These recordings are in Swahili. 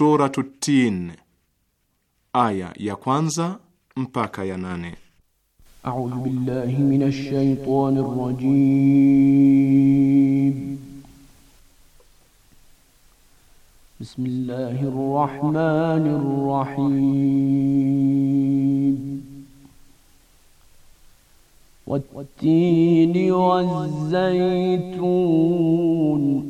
Suratu Tin, aya ya kwanza mpaka ya nane. A'udhu billahi minash shaitani rajim. Bismillahir rahmanir rahim. Wat-tini waz-zaytun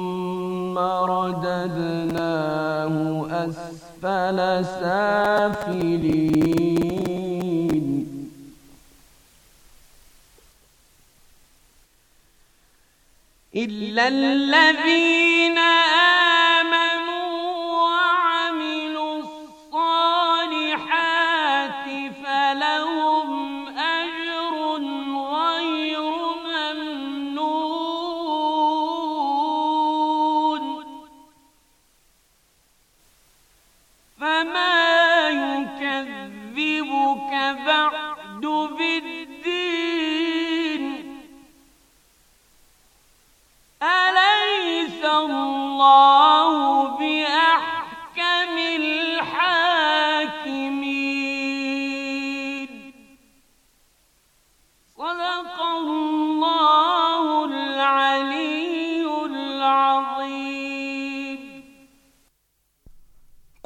فرددناه أسفل سافلين إلا الذين آمنوا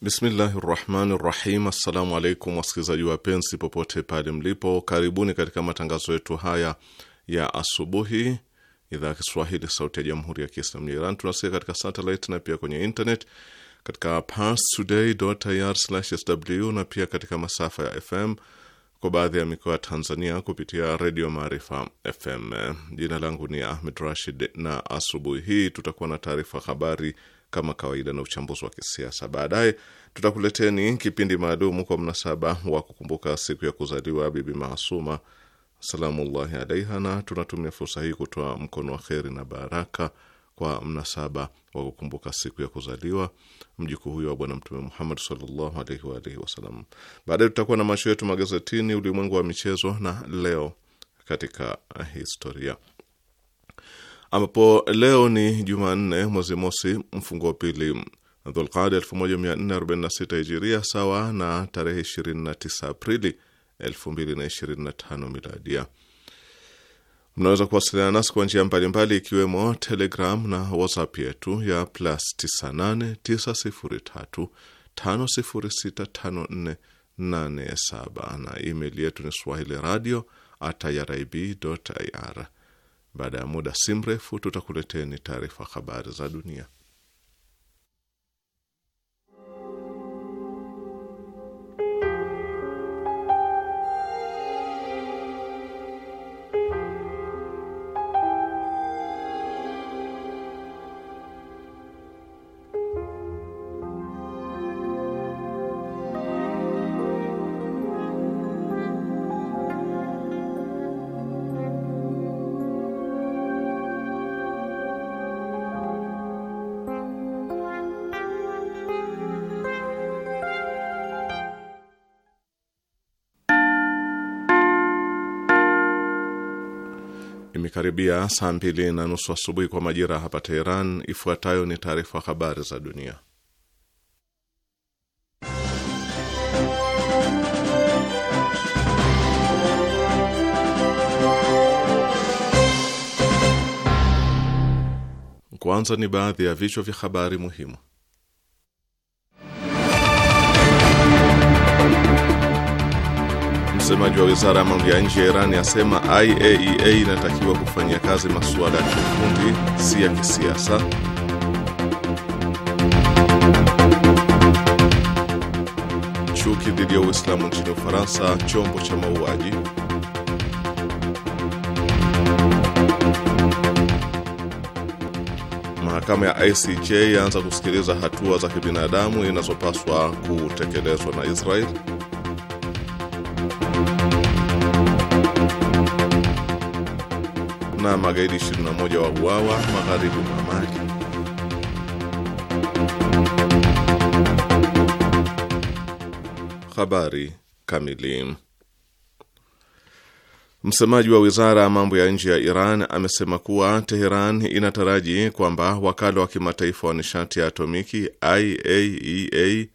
Bismillahi rahmani rahim. Assalamu alaikum wasikilizaji wapenzi popote pale mlipo, karibuni katika matangazo yetu haya ya asubuhi, idhaa ya Kiswahili sauti ya jamhuri ya Kiislamu ya Iran. Tunasikia katika satellite na pia kwenye internet katika parstoday.ir/sw na pia katika masafa ya FM kwa baadhi ya mikoa ya Tanzania kupitia redio Maarifa FM. Jina langu ni Ahmed Rashid na asubuhi hii tutakuwa na taarifa habari kama kawaida na uchambuzi wa kisiasa. Baadaye tutakuleteni kipindi maalumu kwa mnasaba wa kukumbuka siku ya kuzaliwa Bibi Maasuma salamullahi alaiha, na tunatumia fursa hii kutoa mkono wa kheri na baraka kwa mnasaba wa kukumbuka siku ya kuzaliwa mjukuu huyo wa Bwana Mtume Muhammad sallallahu alaihi wa alihi wasallam. Baadaye tutakuwa na macho yetu magazetini, ulimwengu wa michezo na leo katika historia ambapo leo ni Jumanne mwezi mosi mfungo wa pili Dhulqada 1446 Hijiria, sawa na tarehe 29 Aprili 2025 Miladia. Mnaweza kuwasiliana nasi kwa njia mbalimbali ikiwemo Telegram na WhatsApp yetu ya plus 989035065487 na email yetu ni swahili radio at irib.ir. Baada ya muda si mrefu, tutakuleteni taarifa habari za dunia. imekaribia saa mbili na nusu asubuhi kwa majira ya hapa Teheran. Ifuatayo ni taarifa habari za dunia. Kwanza ni baadhi ya vichwa vya habari muhimu. Msemaji wa wizara ya mambo ya nje ya Iran yasema IAEA e inatakiwa kufanyia kazi masuala ya kiufundi, si ya kisiasa. Chuki dhidi ya Uislamu nchini Ufaransa, chombo cha mauaji. Mahakama ya ICJ yaanza kusikiliza hatua za kibinadamu inazopaswa kutekelezwa na Israeli. magaidi 21 wa uawa magharibi mwa Mali. Habari kamili. Msemaji wa wizara ya mambo ya nje ya Iran amesema kuwa Teheran inataraji kwamba wakala wa kimataifa wa nishati ya atomiki IAEA e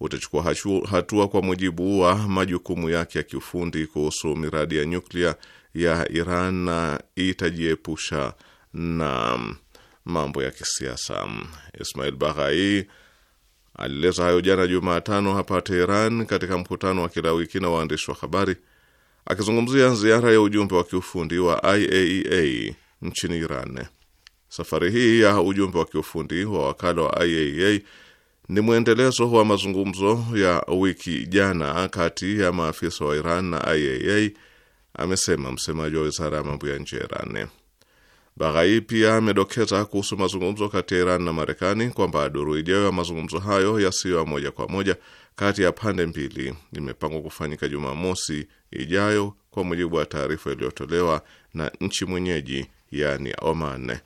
utachukua hatua kwa mujibu wa majukumu yake ya kiufundi kuhusu miradi ya nyuklia ya Iran na itajiepusha na mambo ya kisiasa. Ismail Baghai alieleza hayo jana Jumatano hapa Teheran katika mkutano wa kila wiki na waandishi wa habari akizungumzia ziara ya ujumbe wa kiufundi wa IAEA e nchini Iran. Safari hii ya ujumbe wa kiufundi wa wakala wa IAEA e ni mwendelezo wa mazungumzo ya wiki jana kati ya maafisa wa Iran na IAEA e amesema msemaji wa wizara ya mambo ya nje ya Iran. Baghai pia amedokeza kuhusu mazungumzo kati ya Iran na Marekani kwamba duru ijayo ya mazungumzo hayo yasiyo ya moja kwa moja kati ya pande mbili imepangwa kufanyika Jumamosi ijayo kwa mujibu wa taarifa iliyotolewa na nchi mwenyeji, yani Oman.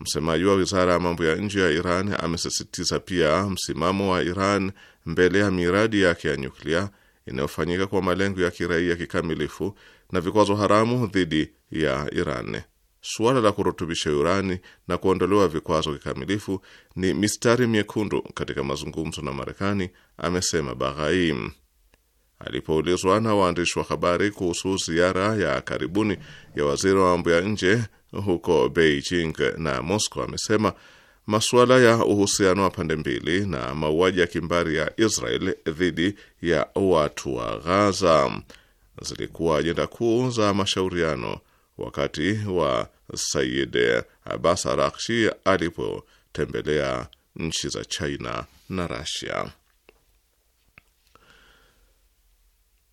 Msemaji wa wizara ya mambo ya nje ya Iran amesisitiza pia msimamo wa Iran mbele ya miradi yake ya nyuklia inayofanyika kwa malengo ya kiraia kikamilifu na vikwazo haramu dhidi ya Iran. Suala la kurutubisha urani na kuondolewa vikwazo kikamilifu ni mistari miekundu katika mazungumzo na Marekani, amesema Baghaim alipoulizwa na waandishi wa habari kuhusu ziara ya karibuni ya waziri wa mambo ya nje huko Beijing na Moscow. Amesema masuala ya uhusiano wa pande mbili na mauaji ya kimbari ya Israel dhidi ya watu wa Ghaza zilikuwa ajenda kuu za mashauriano wakati wa Sayid Abbas Arakshi alipotembelea nchi za China na Rasia.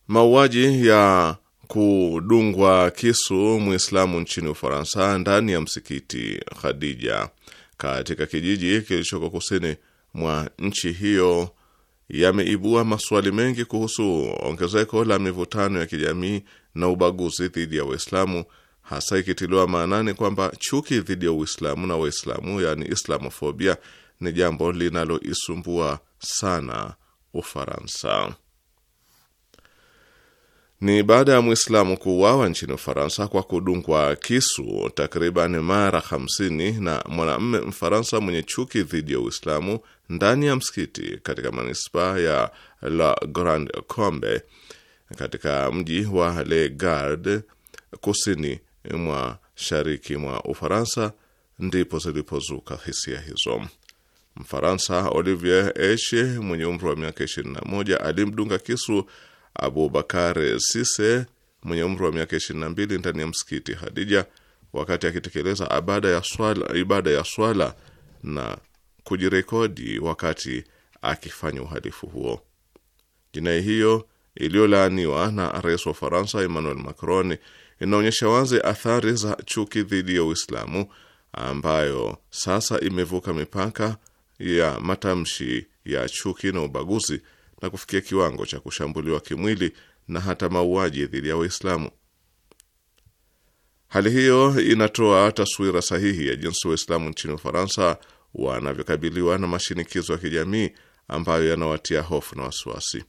Mauaji ya kudungwa kisu Mwislamu nchini Ufaransa ndani ya msikiti Khadija katika kijiji kilichoko kusini mwa nchi hiyo yameibua maswali mengi kuhusu ongezeko la mivutano ya kijamii na ubaguzi dhidi ya Waislamu, hasa ikitiliwa maanani kwamba chuki dhidi ya Uislamu na Waislamu, yaani islamofobia, ni jambo linaloisumbua sana Ufaransa ni baada ya Mwislamu kuuawa nchini Ufaransa kwa kudungwa kisu takriban mara 50 na mwanamme Mfaransa mwenye chuki dhidi ya Uislamu ndani ya msikiti katika manispaa ya La grand Combe katika mji wa Le Gard kusini mwa shariki mwa Ufaransa ndipo zilipozuka hisia hizo. Mfaransa Olivier H mwenye umri wa miaka 21 alimdunga kisu Abubakar Sise mwenye umri wa miaka 22 ndani ya msikiti Hadija wakati akitekeleza ibada ya swala na kujirekodi wakati akifanya uhalifu huo. Jinai hiyo iliyolaaniwa na rais wa Faransa Emmanuel Macron inaonyesha wazi athari za chuki dhidi ya Uislamu ambayo sasa imevuka mipaka ya matamshi ya chuki na ubaguzi na kufikia kiwango cha kushambuliwa kimwili na hata mauaji dhidi ya Waislamu. Hali hiyo inatoa taswira sahihi ya jinsi Waislamu nchini Ufaransa wanavyokabiliwa na mashinikizo ya kijamii ambayo yanawatia hofu na wasiwasi.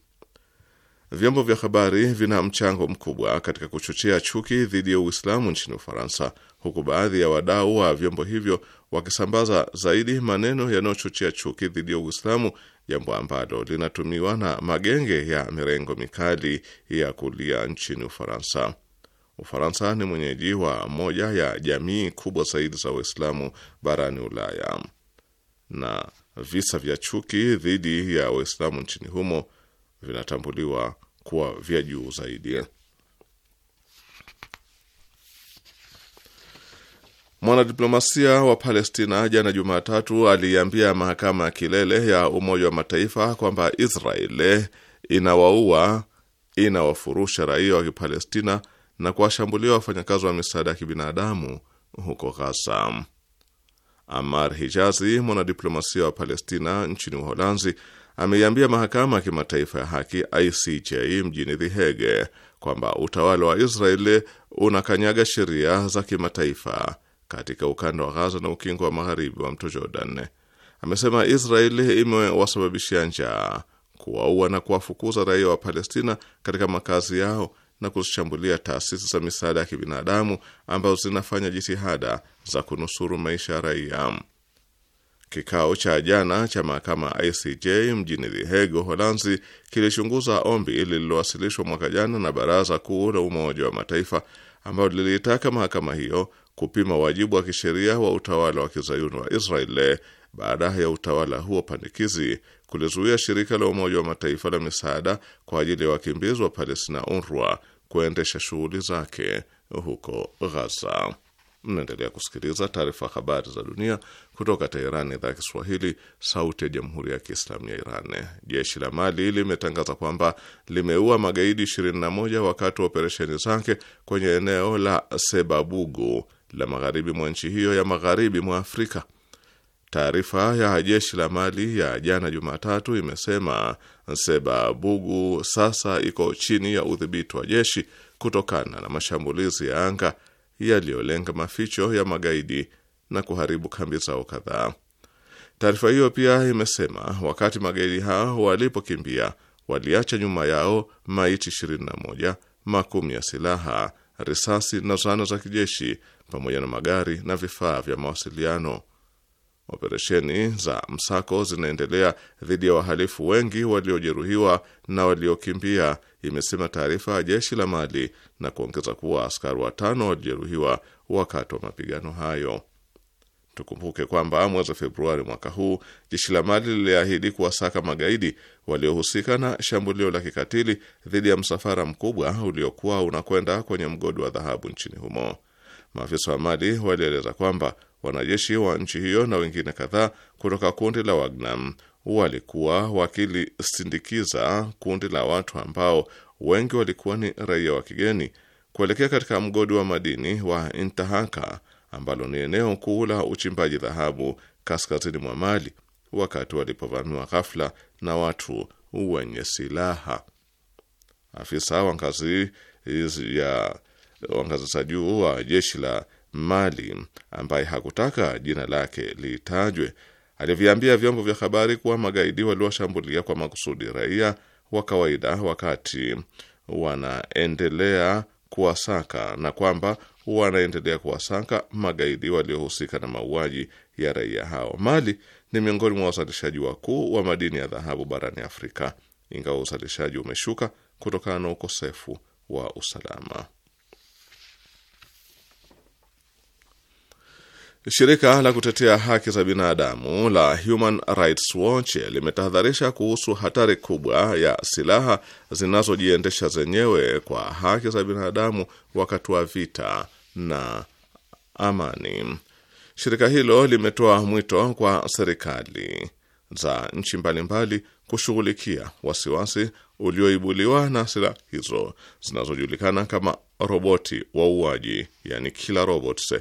Vyombo vya habari vina mchango mkubwa katika kuchochea chuki dhidi ya Uislamu nchini Ufaransa, huku baadhi ya wadau wa vyombo hivyo wakisambaza zaidi maneno yanayochochea chuki dhidi ya Uislamu, jambo ambalo linatumiwa na magenge ya mirengo mikali ya kulia nchini Ufaransa. Ufaransa ni mwenyeji wa moja ya jamii kubwa zaidi za Waislamu barani Ulaya, na visa vya chuki dhidi ya Waislamu nchini humo vinatambuliwa kuwa vya juu zaidi. Mwanadiplomasia wa Palestina jana Jumatatu aliiambia mahakama ya kilele ya Umoja wa Mataifa kwamba Israeli inawaua, inawafurusha raia wa Kipalestina na kuwashambulia wafanyakazi wa misaada ya kibinadamu huko Ghaza. Amar Hijazi, mwanadiplomasia wa Palestina nchini Uholanzi, ameiambia mahakama ya kimataifa ya haki ICJ mjini The Hague kwamba utawala wa Israeli unakanyaga sheria za kimataifa katika ukanda wa Ghaza na ukingo wa magharibi wa mto Jordan. Amesema Israeli imewasababishia njaa, kuwaua na kuwafukuza raia wa Palestina katika makazi yao na kuzishambulia taasisi za misaada ya kibinadamu ambazo zinafanya jitihada za kunusuru maisha ya raia. Kikao cha jana cha mahakama ICJ mjini The Hague, Uholanzi, kilichunguza ombi lililowasilishwa mwaka jana na Baraza Kuu la Umoja wa Mataifa ambayo liliitaka mahakama hiyo kupima wajibu wa kisheria wa utawala wa kizayuni wa Israel baada ya utawala huo pandikizi kulizuia shirika la Umoja wa Mataifa la misaada kwa ajili ya wakimbizi wa Palestina, UNRWA, kuendesha shughuli zake huko Ghaza. Mnaendelea kusikiliza taarifa habari za dunia kutoka Teherani, idhaa ya Kiswahili, sauti ya jamhuri ya kiislamu ya Iran. Jeshi la Mali limetangaza kwamba limeua magaidi 21 wakati wa operesheni zake kwenye eneo la Sebabugu la magharibi mwa nchi hiyo ya magharibi mwa Afrika. Taarifa ya jeshi la Mali ya jana Jumatatu imesema Sebabugu sasa iko chini ya udhibiti wa jeshi kutokana na mashambulizi ya anga yaliyolenga maficho ya magaidi na kuharibu kambi zao kadhaa. Taarifa hiyo pia imesema wakati magaidi hao walipokimbia waliacha nyuma yao maiti 21, makumi ya silaha risasi na zana za kijeshi pamoja na magari na vifaa vya mawasiliano. Operesheni za msako zinaendelea dhidi ya wahalifu wengi waliojeruhiwa na waliokimbia, imesema taarifa ya jeshi la Mali na kuongeza kuwa askari watano walijeruhiwa wakati wa mapigano hayo. Tukumbuke kwamba mwezi Februari mwaka huu jeshi la Mali liliahidi kuwasaka magaidi waliohusika na shambulio la kikatili dhidi ya msafara mkubwa uliokuwa unakwenda kwenye mgodi wa dhahabu nchini humo. Maafisa wa Mali walieleza kwamba wanajeshi wa nchi hiyo na wengine kadhaa kutoka kundi la Wagner walikuwa wakilisindikiza kundi la watu ambao wengi walikuwa ni raia wa kigeni kuelekea katika mgodi wa madini wa Intahaka ambalo ni eneo kuu la uchimbaji dhahabu kaskazini mwa Mali, wakati walipovamiwa ghafla na watu wenye silaha. Afisa wa ngazi ya ngazi za juu wa jeshi la Mali ambaye hakutaka jina lake litajwe aliviambia vyombo vya habari kuwa magaidi waliwashambulia kwa makusudi raia wa kawaida wakati wanaendelea kuwasaka na kwamba wanaendelea kuwasaka magaidi waliohusika na mauaji ya raia hao. Mali ni miongoni mwa wazalishaji wakuu wa madini ya dhahabu barani Afrika, ingawa uzalishaji umeshuka kutokana na ukosefu wa usalama. Shirika la kutetea haki za binadamu la Human Rights Watch limetahadharisha kuhusu hatari kubwa ya silaha zinazojiendesha zenyewe kwa haki za binadamu wakati wa vita na amani. Shirika hilo limetoa mwito kwa serikali za nchi mbalimbali kushughulikia wasiwasi ulioibuliwa na silaha hizo zinazojulikana kama roboti wauaji, yani killer robots,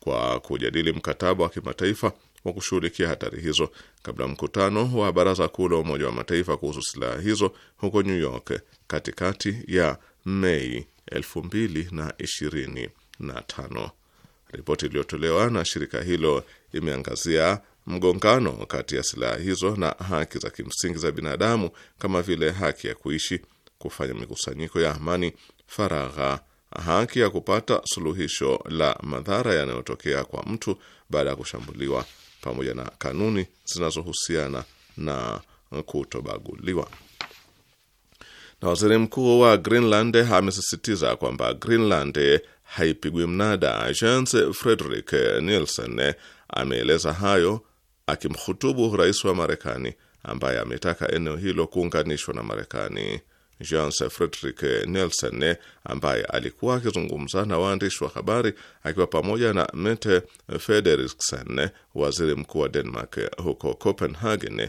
kwa kujadili mkataba wa kimataifa wa kushughulikia hatari hizo kabla mkutano wa Baraza Kuu la Umoja wa Mataifa kuhusu silaha hizo huko New York katikati ya Mei 2020 na tano. Ripoti iliyotolewa na shirika hilo imeangazia mgongano kati ya silaha hizo na haki za kimsingi za binadamu kama vile haki ya kuishi, kufanya mikusanyiko ya amani, faragha, haki ya kupata suluhisho la madhara yanayotokea kwa mtu baada ya kushambuliwa, pamoja na kanuni zinazohusiana na kutobaguliwa. Na waziri mkuu wa Greenland amesisitiza kwamba Greenland haipigwi mnada. Jens Frederick Nielsen ameeleza hayo akimhutubu rais wa Marekani ambaye ametaka eneo hilo kuunganishwa na Marekani. Jens Frederick Nielsen ambaye alikuwa akizungumza na waandishi wa habari akiwa pamoja na Mette Frederiksen, waziri mkuu wa Denmark, huko Copenhagen,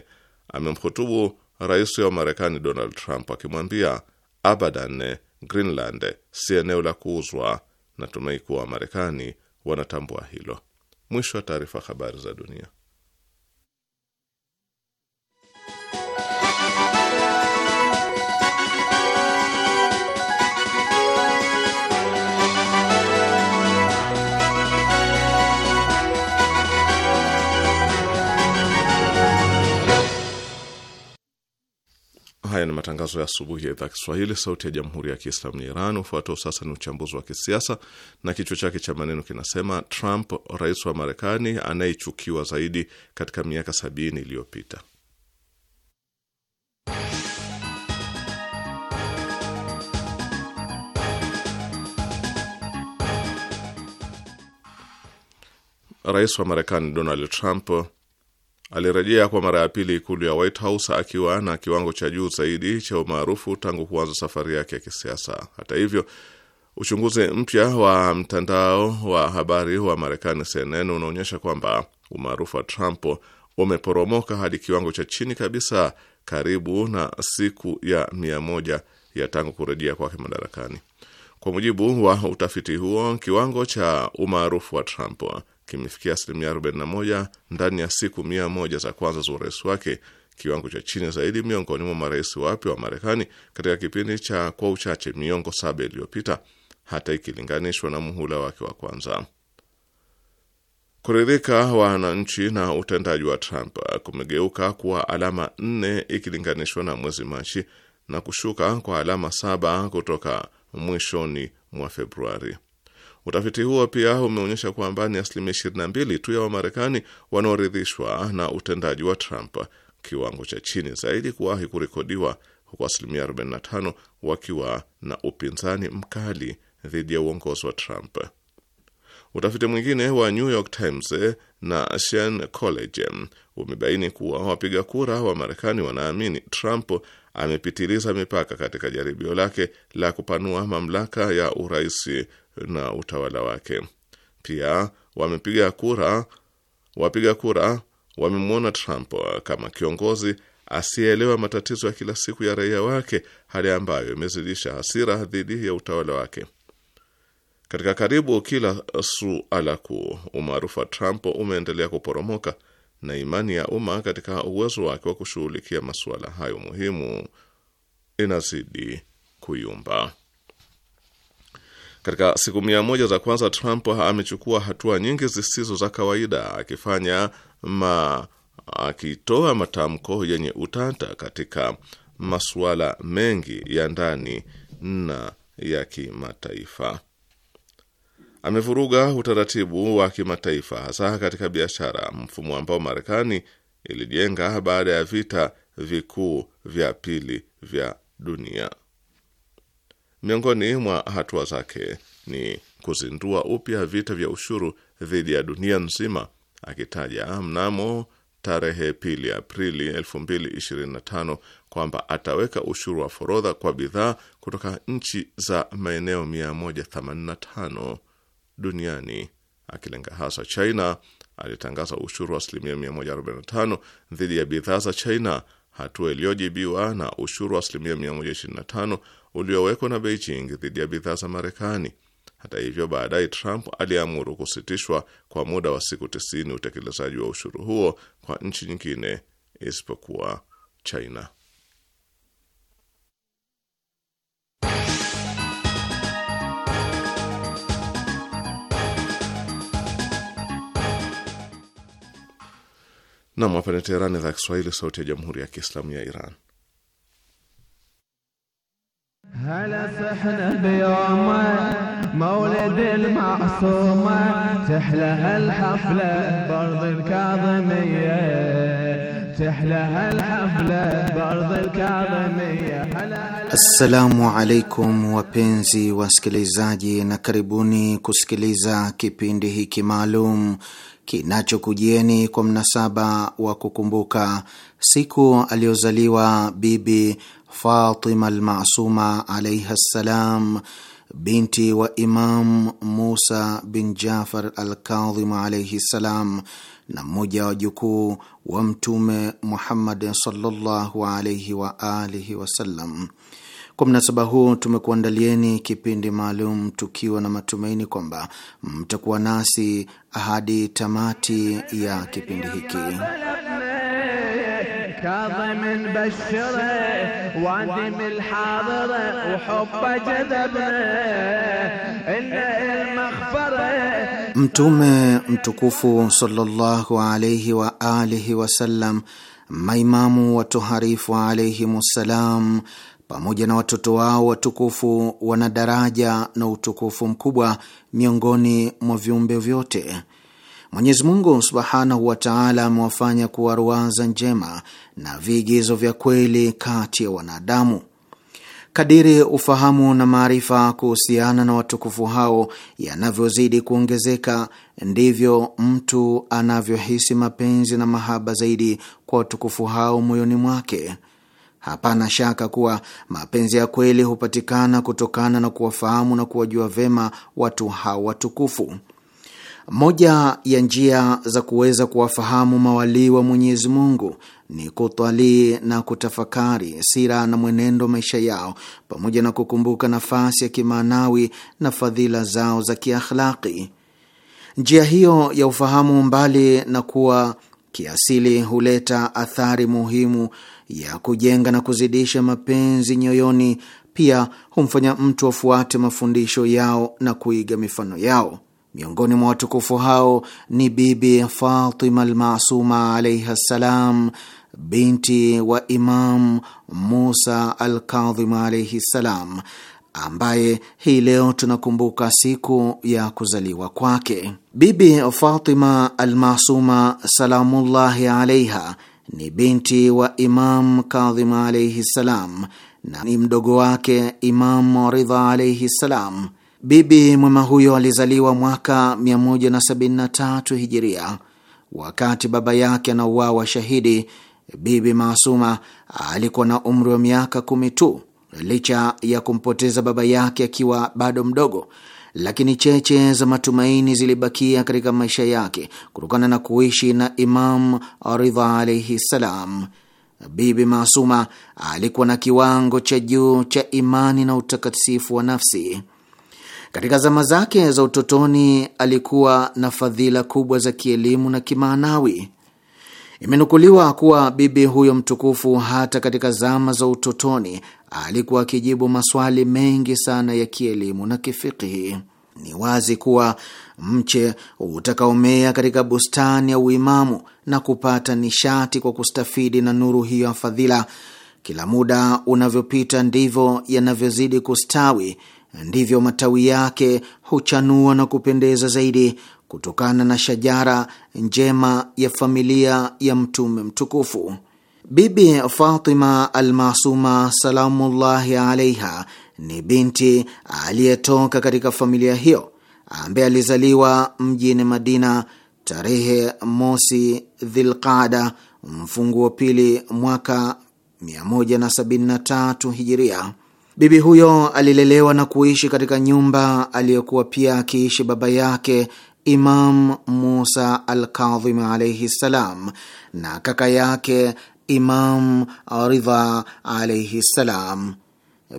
amemhutubu rais wa Marekani Donald Trump akimwambia abadan, Greenland si eneo la kuuzwa Natumai kuwa Wamarekani wanatambua hilo. Mwisho wa taarifa. Habari za dunia. matangazo ya asubuhi ya idhaa Kiswahili sauti ya jamhuri ya kiislamu ya Iran. Ufuatao sasa ni uchambuzi wa kisiasa na kichwa chake cha maneno kinasema: Trump, rais wa Marekani anayechukiwa zaidi katika miaka sabini iliyopita. Rais wa Marekani Donald Trump alirejea kwa mara ya pili ikulu ya White House akiwa na kiwango cha juu zaidi cha umaarufu tangu kuanza safari yake ya kisiasa. Hata hivyo, uchunguzi mpya wa mtandao wa habari wa Marekani CNN unaonyesha kwamba umaarufu wa Trump umeporomoka hadi kiwango cha chini kabisa karibu na siku ya mia moja ya tangu kurejea kwake madarakani. Kwa mujibu wa utafiti huo, kiwango cha umaarufu wa Trump kimefikia asilimia 41 ndani ya siku mia moja za kwanza za urais wake, kiwango cha chini zaidi miongoni mwa marais wapya wa Marekani katika kipindi cha kwa uchache miongo saba iliyopita, hata ikilinganishwa na muhula wake wa kwanza. Kuridhika wananchi na utendaji wa Trump kumegeuka kuwa alama nne ikilinganishwa na mwezi Machi na kushuka kwa alama saba kutoka mwishoni mwa Februari. Utafiti huo pia umeonyesha kwamba ni asilimia 22 tu ya Wamarekani wanaoridhishwa na utendaji wa Trump, kiwango cha chini zaidi kuwahi kurekodiwa, huku asilimia 45 wakiwa na upinzani mkali dhidi ya uongozi wa Trump. Utafiti mwingine wa New York Times eh, na Shen College eh, umebaini kuwa wapiga kura wa Marekani wanaamini Trump amepitiliza mipaka katika jaribio lake la kupanua mamlaka ya urais na utawala wake. Pia wamepiga kura, wapiga kura wamemwona Trump kama kiongozi asiyeelewa matatizo ya kila siku ya raia wake, hali ambayo imezidisha hasira dhidi ya utawala wake. Katika karibu kila suala kuu, umaarufu wa Trump umeendelea kuporomoka na imani ya umma katika uwezo wake wa kushughulikia masuala hayo muhimu inazidi kuyumba. Katika siku mia moja za kwanza Trump amechukua hatua nyingi zisizo za kawaida, akifanya ma akitoa matamko yenye utata katika masuala mengi ya ndani na ya kimataifa. Amevuruga utaratibu wa kimataifa, hasa katika biashara, mfumo ambao Marekani ilijenga baada ya vita vikuu vya pili vya dunia. Miongoni mwa hatua zake ni kuzindua upya vita vya ushuru dhidi ya dunia nzima, akitaja mnamo tarehe pili Aprili 2025 kwamba ataweka ushuru wa forodha kwa bidhaa kutoka nchi za maeneo 185 duniani, akilenga hasa China. Alitangaza ushuru wa asilimia 145 dhidi ya bidhaa za China hatua iliyojibiwa na ushuru wa asilimia 125 uliowekwa na Beijing dhidi ya bidhaa za Marekani. Hata hivyo, baadaye Trump aliamuru kusitishwa kwa muda wa siku 90 utekelezaji wa ushuru huo kwa nchi nyingine isipokuwa China. Nam, hapa ni Teherani, idhaa ya Kiswahili, sauti ya jamhuri ya kiislamu ya Iran. Assalamu alaikum wapenzi wasikilizaji, na karibuni kusikiliza kipindi hiki maalum kinachokujieni kwa mnasaba wa kukumbuka siku aliyozaliwa Bibi Fatima Almasuma alaihi ssalam, binti wa Imam Musa bin Jafar Alkadhim alaihi ssalam, na mmoja wa jukuu wa Mtume Muhammad sallallahu alaihi waalihi wasallam. Kwa mnasaba huu tumekuandalieni kipindi maalum tukiwa na matumaini kwamba mtakuwa nasi hadi tamati ya kipindi hiki. Mtume mtukufu sallallahu alaihi wa alihi wasallam, maimamu watoharifu alaihim ssalam pamoja na watoto wao watukufu wana daraja na utukufu mkubwa miongoni mwa viumbe vyote. Mwenyezi Mungu subhanahu wa taala amewafanya kuwa ruwaza njema na viigizo vya kweli kati ya wanadamu. Kadiri ufahamu na maarifa kuhusiana na watukufu hao yanavyozidi kuongezeka, ndivyo mtu anavyohisi mapenzi na mahaba zaidi kwa watukufu hao moyoni mwake. Hapana shaka kuwa mapenzi ya kweli hupatikana kutokana na kuwafahamu na kuwajua vema watu hawa watukufu. Moja ya njia za kuweza kuwafahamu mawalii wa Mwenyezi Mungu ni kutwalii na kutafakari sira na mwenendo maisha yao, pamoja na kukumbuka nafasi ya kimaanawi na fadhila zao za kiakhlaki. Njia hiyo ya ufahamu, mbali na kuwa kiasili, huleta athari muhimu ya kujenga na kuzidisha mapenzi nyoyoni. Pia humfanya mtu afuate mafundisho yao na kuiga mifano yao. Miongoni mwa watukufu hao ni Bibi Fatima Almasuma alaihi ssalam, binti wa Imam Musa Alkadhim alaihi ssalam, ambaye hii leo tunakumbuka siku ya kuzaliwa kwake. Bibi Fatima Almasuma salamullahi alaiha ni binti wa Imam Kadhim alaihi ssalam na ni mdogo wake Imam Ridha alaihi ssalam. Bibi mwema huyo alizaliwa mwaka 173 hijiria. Wakati baba yake anauawa shahidi, Bibi Maasuma alikuwa na umri wa miaka kumi tu. Licha ya kumpoteza baba yake akiwa bado mdogo, lakini cheche za matumaini zilibakia katika maisha yake kutokana na kuishi na Imam Ridha alaihi ssalam. Bibi Maasuma alikuwa na kiwango cha juu cha imani na utakatifu wa nafsi. Katika zama zake za utotoni alikuwa na fadhila kubwa za kielimu na kimaanawi. Imenukuliwa kuwa bibi huyo mtukufu hata katika zama za utotoni alikuwa akijibu maswali mengi sana ya kielimu na kifikihi. Ni wazi kuwa mche utakaomea katika bustani ya uimamu na kupata nishati kwa kustafidi na nuru hiyo ya fadhila, kila muda unavyopita ndivyo yanavyozidi kustawi, ndivyo matawi yake huchanua na kupendeza zaidi, kutokana na shajara njema ya familia ya Mtume mtukufu. Bibi Fatima Almasuma salamullahi alaiha ni binti aliyetoka katika familia hiyo ambaye alizaliwa mjini Madina tarehe mosi Dhilqada mfunguo pili mwaka 173 hijiria. Bibi huyo alilelewa na kuishi katika nyumba aliyokuwa pia akiishi baba yake Imam Musa Alkadhim alaihi ssalam na kaka yake Imam Ridha alaihi ssalam.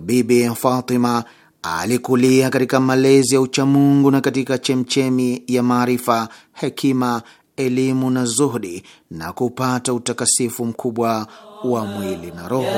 Bibi Fatima alikulia katika malezi ya uchamungu na katika chemchemi ya maarifa, hekima, elimu na zuhdi na kupata utakasifu mkubwa wa mwili na roho.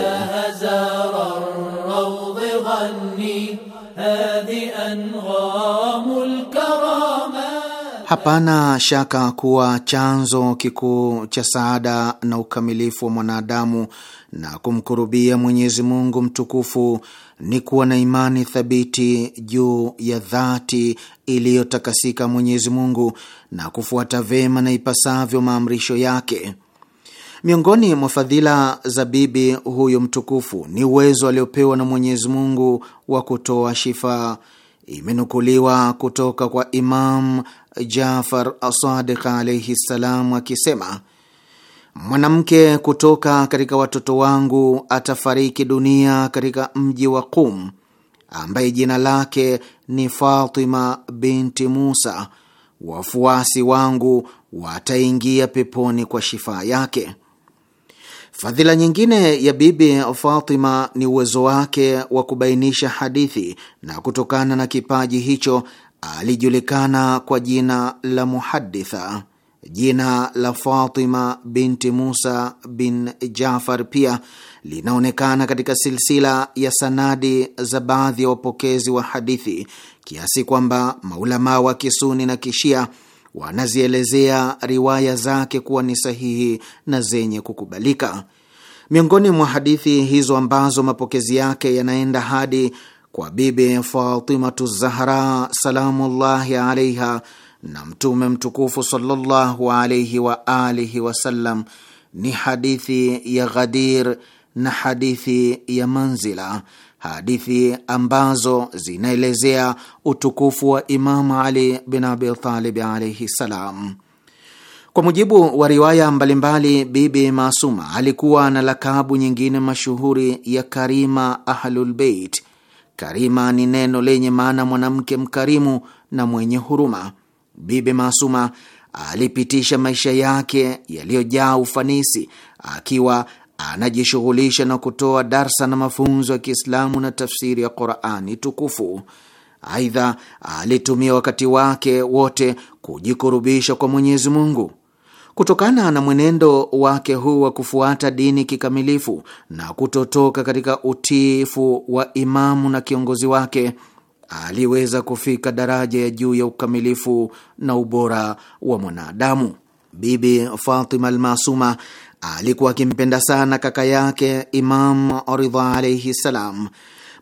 Hapana shaka kuwa chanzo kikuu cha saada na ukamilifu wa mwanadamu na kumkurubia Mwenyezi Mungu mtukufu ni kuwa na imani thabiti juu ya dhati iliyotakasika Mwenyezi Mungu na kufuata vema na ipasavyo maamrisho yake. Miongoni mwa fadhila za bibi huyo mtukufu ni uwezo aliopewa na Mwenyezi Mungu wa kutoa shifaa. Imenukuliwa kutoka kwa Imam Jafar Sadiq alaihi ssalam akisema mwanamke kutoka katika watoto wangu atafariki dunia katika mji wa Qum, ambaye jina lake ni Fatima binti Musa. Wafuasi wangu wataingia peponi kwa shifaa yake. Fadhila nyingine ya Bibi Fatima ni uwezo wake wa kubainisha hadithi, na kutokana na kipaji hicho alijulikana kwa jina la Muhaditha. Jina la Fatima binti Musa bin Jafar pia linaonekana katika silsila ya sanadi za baadhi ya wapokezi wa hadithi kiasi kwamba maulamaa wa Kisuni na Kishia wanazielezea riwaya zake kuwa ni sahihi na zenye kukubalika. Miongoni mwa hadithi hizo ambazo mapokezi yake yanaenda hadi kwa Bibi Fatimatu Zahra salamullahi alaiha na Mtume mtukufu sallallahu alaihi wa alihi wasallam ni hadithi ya Ghadir na hadithi ya Manzila, hadithi ambazo zinaelezea utukufu wa Imamu Ali bin Abitalib alaihi salam. Kwa mujibu wa riwaya mbalimbali, Bibi Masuma alikuwa na lakabu nyingine mashuhuri ya Karima Ahlulbeit Karima ni neno lenye maana mwanamke mkarimu na mwenye huruma. Bibi Maasuma alipitisha maisha yake yaliyojaa ufanisi akiwa anajishughulisha na kutoa darsa na mafunzo ya Kiislamu na tafsiri ya Qurani Tukufu. Aidha, alitumia wakati wake wote kujikurubisha kwa Mwenyezi Mungu. Kutokana na mwenendo wake huu wa kufuata dini kikamilifu na kutotoka katika utiifu wa imamu na kiongozi wake, aliweza kufika daraja ya juu ya ukamilifu na ubora wa mwanadamu. Bibi Fatima Almasuma alikuwa akimpenda sana kaka yake Imam Ridha alaihi ssalam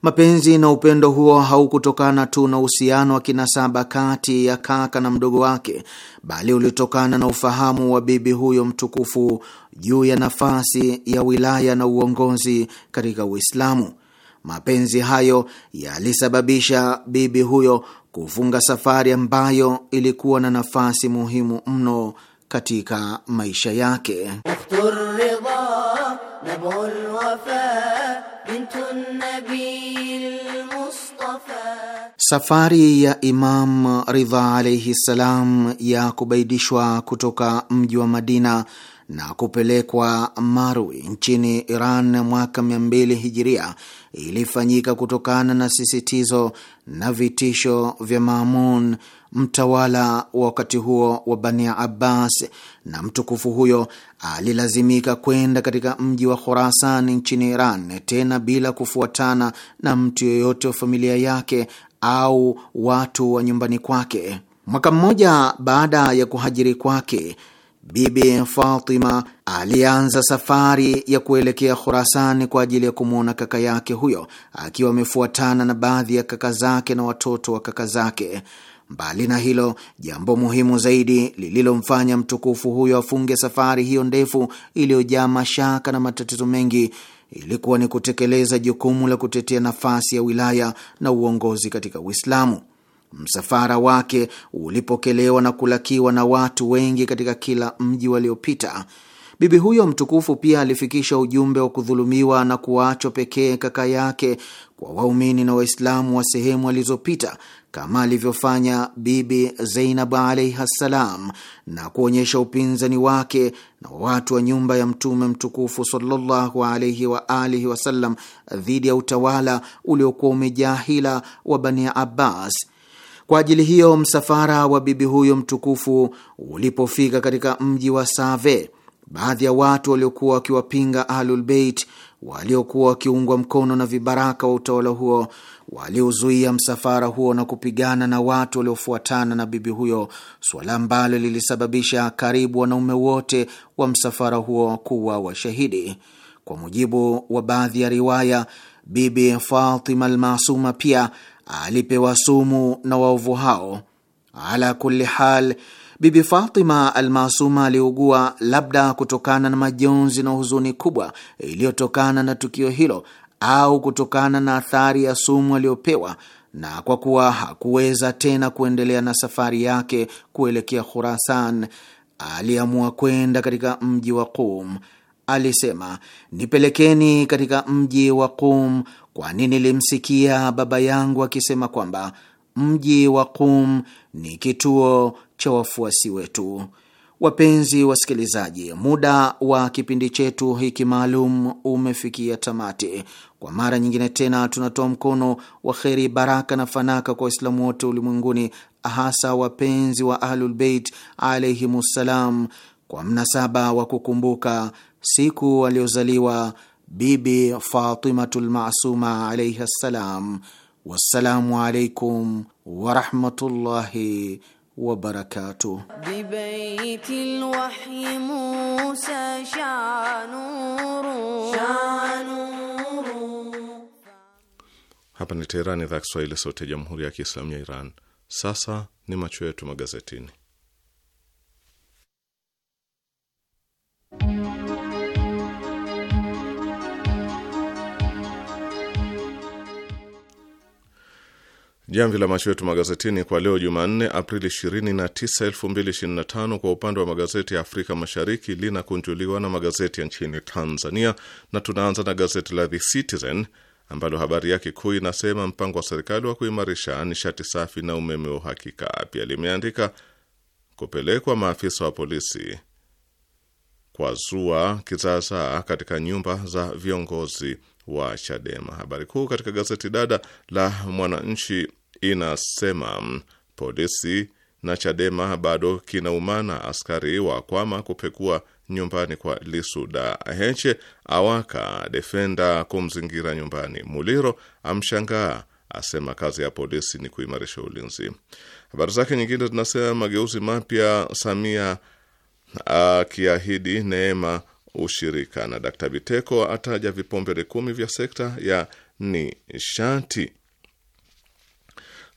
Mapenzi na upendo huo haukutokana tu na uhusiano wa kinasaba kati ya kaka na mdogo wake, bali ulitokana na ufahamu wa bibi huyo mtukufu juu ya nafasi ya wilaya na uongozi katika Uislamu. Mapenzi hayo yalisababisha bibi huyo kufunga safari ambayo ilikuwa na nafasi muhimu mno katika maisha yake. Safari ya Imam Ridha alaihi ssalam ya kubaidishwa kutoka mji wa Madina na kupelekwa Marwi nchini Iran mwaka 200 hijiria ilifanyika kutokana na sisitizo na vitisho vya Maamun mtawala wa wakati huo wa Bani Abbas, na mtukufu huyo alilazimika kwenda katika mji wa Khurasani nchini Iran, tena bila kufuatana na mtu yoyote wa familia yake au watu wa nyumbani kwake. Mwaka mmoja baada ya kuhajiri kwake, Bibi Fatima alianza safari ya kuelekea Khurasani kwa ajili ya kumwona kaka yake huyo, akiwa amefuatana na baadhi ya kaka zake na watoto wa kaka zake. Mbali na hilo, jambo muhimu zaidi lililomfanya mtukufu huyo afunge safari hiyo ndefu iliyojaa mashaka na matatizo mengi ilikuwa ni kutekeleza jukumu la kutetea nafasi ya wilaya na uongozi katika Uislamu. Msafara wake ulipokelewa na kulakiwa na watu wengi katika kila mji waliopita, Bibi huyo mtukufu pia alifikisha ujumbe wa kudhulumiwa na kuachwa pekee kaka yake kwa waumini na Waislamu wa sehemu alizopita kama alivyofanya Bibi Zainab alaihi ssalam, na kuonyesha upinzani wake na watu wa nyumba ya Mtume mtukufu sallallahu alaihi wa alihi wasallam dhidi ya utawala uliokuwa umejahila wa Bani Abbas. Kwa ajili hiyo msafara wa bibi huyo mtukufu ulipofika katika mji wa Save baadhi ya watu waliokuwa wakiwapinga Ahlulbeit waliokuwa wakiungwa mkono na vibaraka wa utawala huo waliuzuia msafara huo na kupigana na watu waliofuatana na bibi huyo, suala ambalo lilisababisha karibu wanaume wote wa msafara huo kuwa washahidi. Kwa mujibu wa baadhi ya riwaya, Bibi Fatima Almasuma pia alipewa sumu na waovu hao. Ala kulli hal, Bibi Fatima Almasuma aliugua, labda kutokana na majonzi na huzuni kubwa iliyotokana na tukio hilo au kutokana na athari ya sumu aliyopewa, na kwa kuwa hakuweza tena kuendelea na safari yake kuelekea Khurasan, aliamua kwenda katika mji wa Qum. Alisema, nipelekeni katika mji wa Qum, kwani nilimsikia baba yangu akisema kwamba mji wa Qum ni kituo cha wafuasi wetu. Wapenzi wasikilizaji, muda wa kipindi chetu hiki maalum umefikia tamati. Kwa mara nyingine tena, tunatoa mkono wa kheri, baraka na fanaka kwa Waislamu wote ulimwenguni, hasa wapenzi wa Ahlulbeit alaihimussalam, kwa mnasaba wa kukumbuka siku aliyozaliwa Bibi Fatimatu lmasuma alaihi ssalam. Wassalamu alaikum warahmatullahi wabarakatuh. Hapa ni Teherani, idhaa Kiswahili, sauti ya jamhuri ya kiislamu ya Iran. Sasa ni macho yetu magazetini. Jamvi la macho yetu magazetini kwa leo Jumanne, Aprili 29, 2025, kwa upande wa magazeti ya Afrika Mashariki linakunjuliwa na magazeti ya nchini Tanzania, na tunaanza na gazeti la The Citizen ambalo habari yake kuu inasema mpango wa serikali wa kuimarisha nishati safi na umeme wa uhakika. Pia limeandika kupelekwa maafisa wa polisi kwa zua kizaazaa katika nyumba za viongozi wa Chadema. Habari kuu katika gazeti dada la Mwananchi inasema polisi na Chadema bado kinaumana, askari wa kwama kupekua nyumbani kwa lisuda Heche awaka defenda kumzingira nyumbani. Muliro amshangaa asema kazi ya polisi ni kuimarisha ulinzi. Habari zake nyingine zinasema mageuzi mapya, Samia akiahidi neema ushirika, na Dkt Biteko ataja vipaumbele kumi vya sekta ya nishati.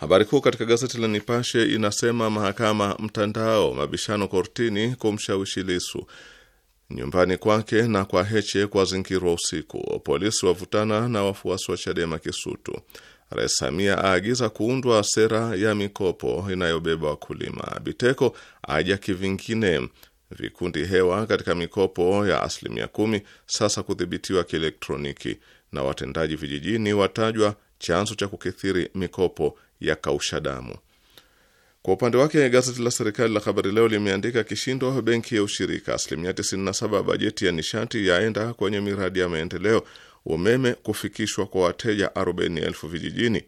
Habari kuu katika gazeti la Nipashe inasema mahakama mtandao, mabishano kortini kumshawishi Lisu, nyumbani kwake na kwa Heche kwazingirwa usiku, polisi wavutana na wafuasi wa Chadema Kisutu, Rais Samia aagiza kuundwa sera ya mikopo inayobeba wakulima, Biteko aja kivingine, vikundi hewa katika mikopo ya asilimia kumi sasa kudhibitiwa kielektroniki, na watendaji vijijini watajwa chanzo cha kukithiri mikopo ya kausha damu. Kwa upande wake gazeti la serikali la Habari Leo limeandika kishindo benki ya ushirika, asilimia 97 bajeti ya nishati yaenda kwenye miradi ya maendeleo, umeme kufikishwa kwa wateja 40,000 vijijini.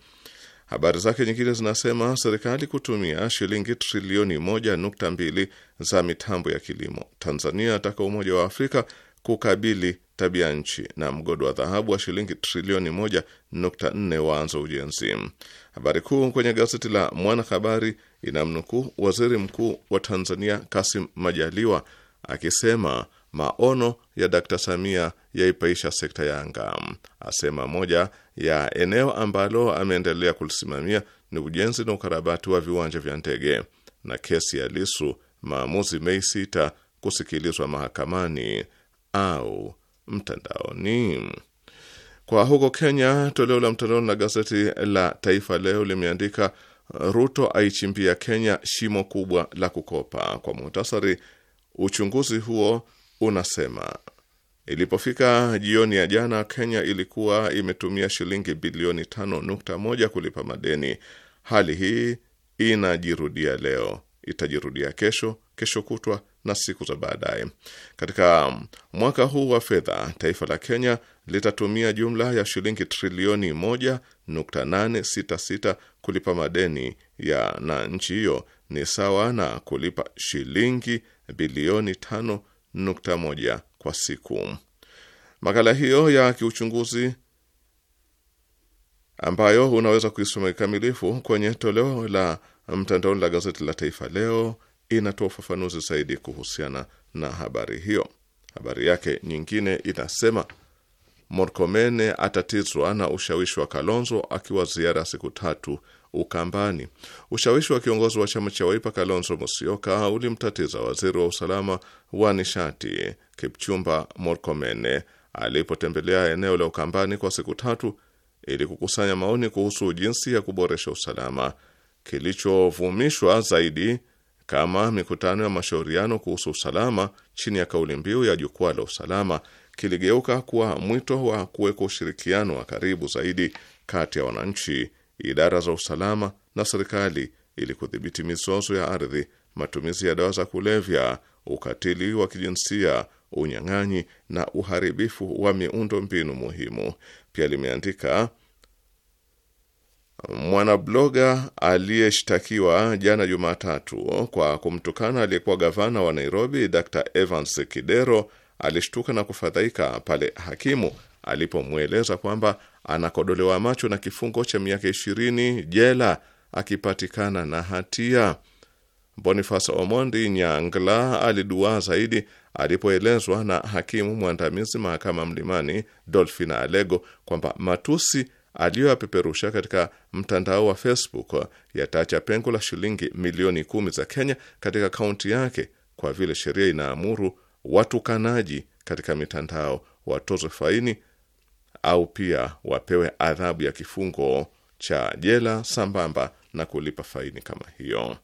Habari zake nyingine zinasema serikali kutumia shilingi trilioni 1.2 za mitambo ya kilimo, Tanzania ataka Umoja wa Afrika kukabili tabia nchi na mgodo wa dhahabu wa shilingi trilioni 1.4 waanza ujenzi. Habari kuu kwenye gazeti la Mwanahabari inamnukuu waziri mkuu wa Tanzania Kasim Majaliwa akisema maono ya Dkt. Samia yaipaisha sekta ya angamu. Asema moja ya eneo ambalo ameendelea kulisimamia ni ujenzi na ukarabati wa viwanja vya ndege. Na kesi ya Lisu maamuzi Mei sita kusikilizwa mahakamani au mtandaoni. Kwa huko Kenya, toleo la mtandaoni la gazeti la Taifa Leo limeandika Ruto aichimbia Kenya shimo kubwa la kukopa. Kwa muhtasari, uchunguzi huo unasema ilipofika jioni ya jana, Kenya ilikuwa imetumia shilingi bilioni 5.1 kulipa madeni. Hali hii inajirudia leo, itajirudia kesho, kesho kutwa na siku za baadaye. Katika um, mwaka huu wa fedha, taifa la Kenya litatumia jumla ya shilingi trilioni 1.866 kulipa madeni ya na nchi hiyo ni sawa na kulipa shilingi bilioni 5.1 kwa siku. Makala hiyo ya kiuchunguzi ambayo unaweza kuisoma kikamilifu kwenye toleo la mtandaoni la gazeti la Taifa Leo inatoa ufafanuzi zaidi kuhusiana na habari hiyo. Habari yake nyingine inasema Morkomene atatizwa na ushawishi wa Kalonzo akiwa ziara siku tatu Ukambani. Ushawishi wa kiongozi wa chama cha waipa Kalonzo Musyoka ulimtatiza waziri wa usalama wa nishati Kipchumba Morkomene alipotembelea eneo la Ukambani kwa siku tatu ili kukusanya maoni kuhusu jinsi ya kuboresha usalama. Kilichovumishwa zaidi kama mikutano ya mashauriano kuhusu usalama chini ya kauli mbiu ya jukwaa la usalama kiligeuka kuwa mwito wa kuweka ushirikiano wa karibu zaidi kati ya wananchi, idara za usalama na serikali ili kudhibiti mizozo ya ardhi, matumizi ya dawa za kulevya, ukatili wa kijinsia, unyang'anyi na uharibifu wa miundo mbinu muhimu. Pia limeandika Mwanabloga aliyeshtakiwa jana Jumatatu kwa kumtukana aliyekuwa gavana wa Nairobi Dr. Evans Kidero alishtuka na kufadhaika pale hakimu alipomweleza kwamba anakodolewa macho na kifungo cha miaka ishirini jela akipatikana na hatia. Boniface Omondi Nyangla aliduaa zaidi alipoelezwa na hakimu mwandamizi mahakama Mlimani Dolphina Alego kwamba matusi aliyoyapeperusha katika mtandao wa Facebook yataacha pengo la shilingi milioni kumi za Kenya katika kaunti yake, kwa vile sheria inaamuru watukanaji katika mitandao watozwe faini au pia wapewe adhabu ya kifungo cha jela sambamba na kulipa faini kama hiyo.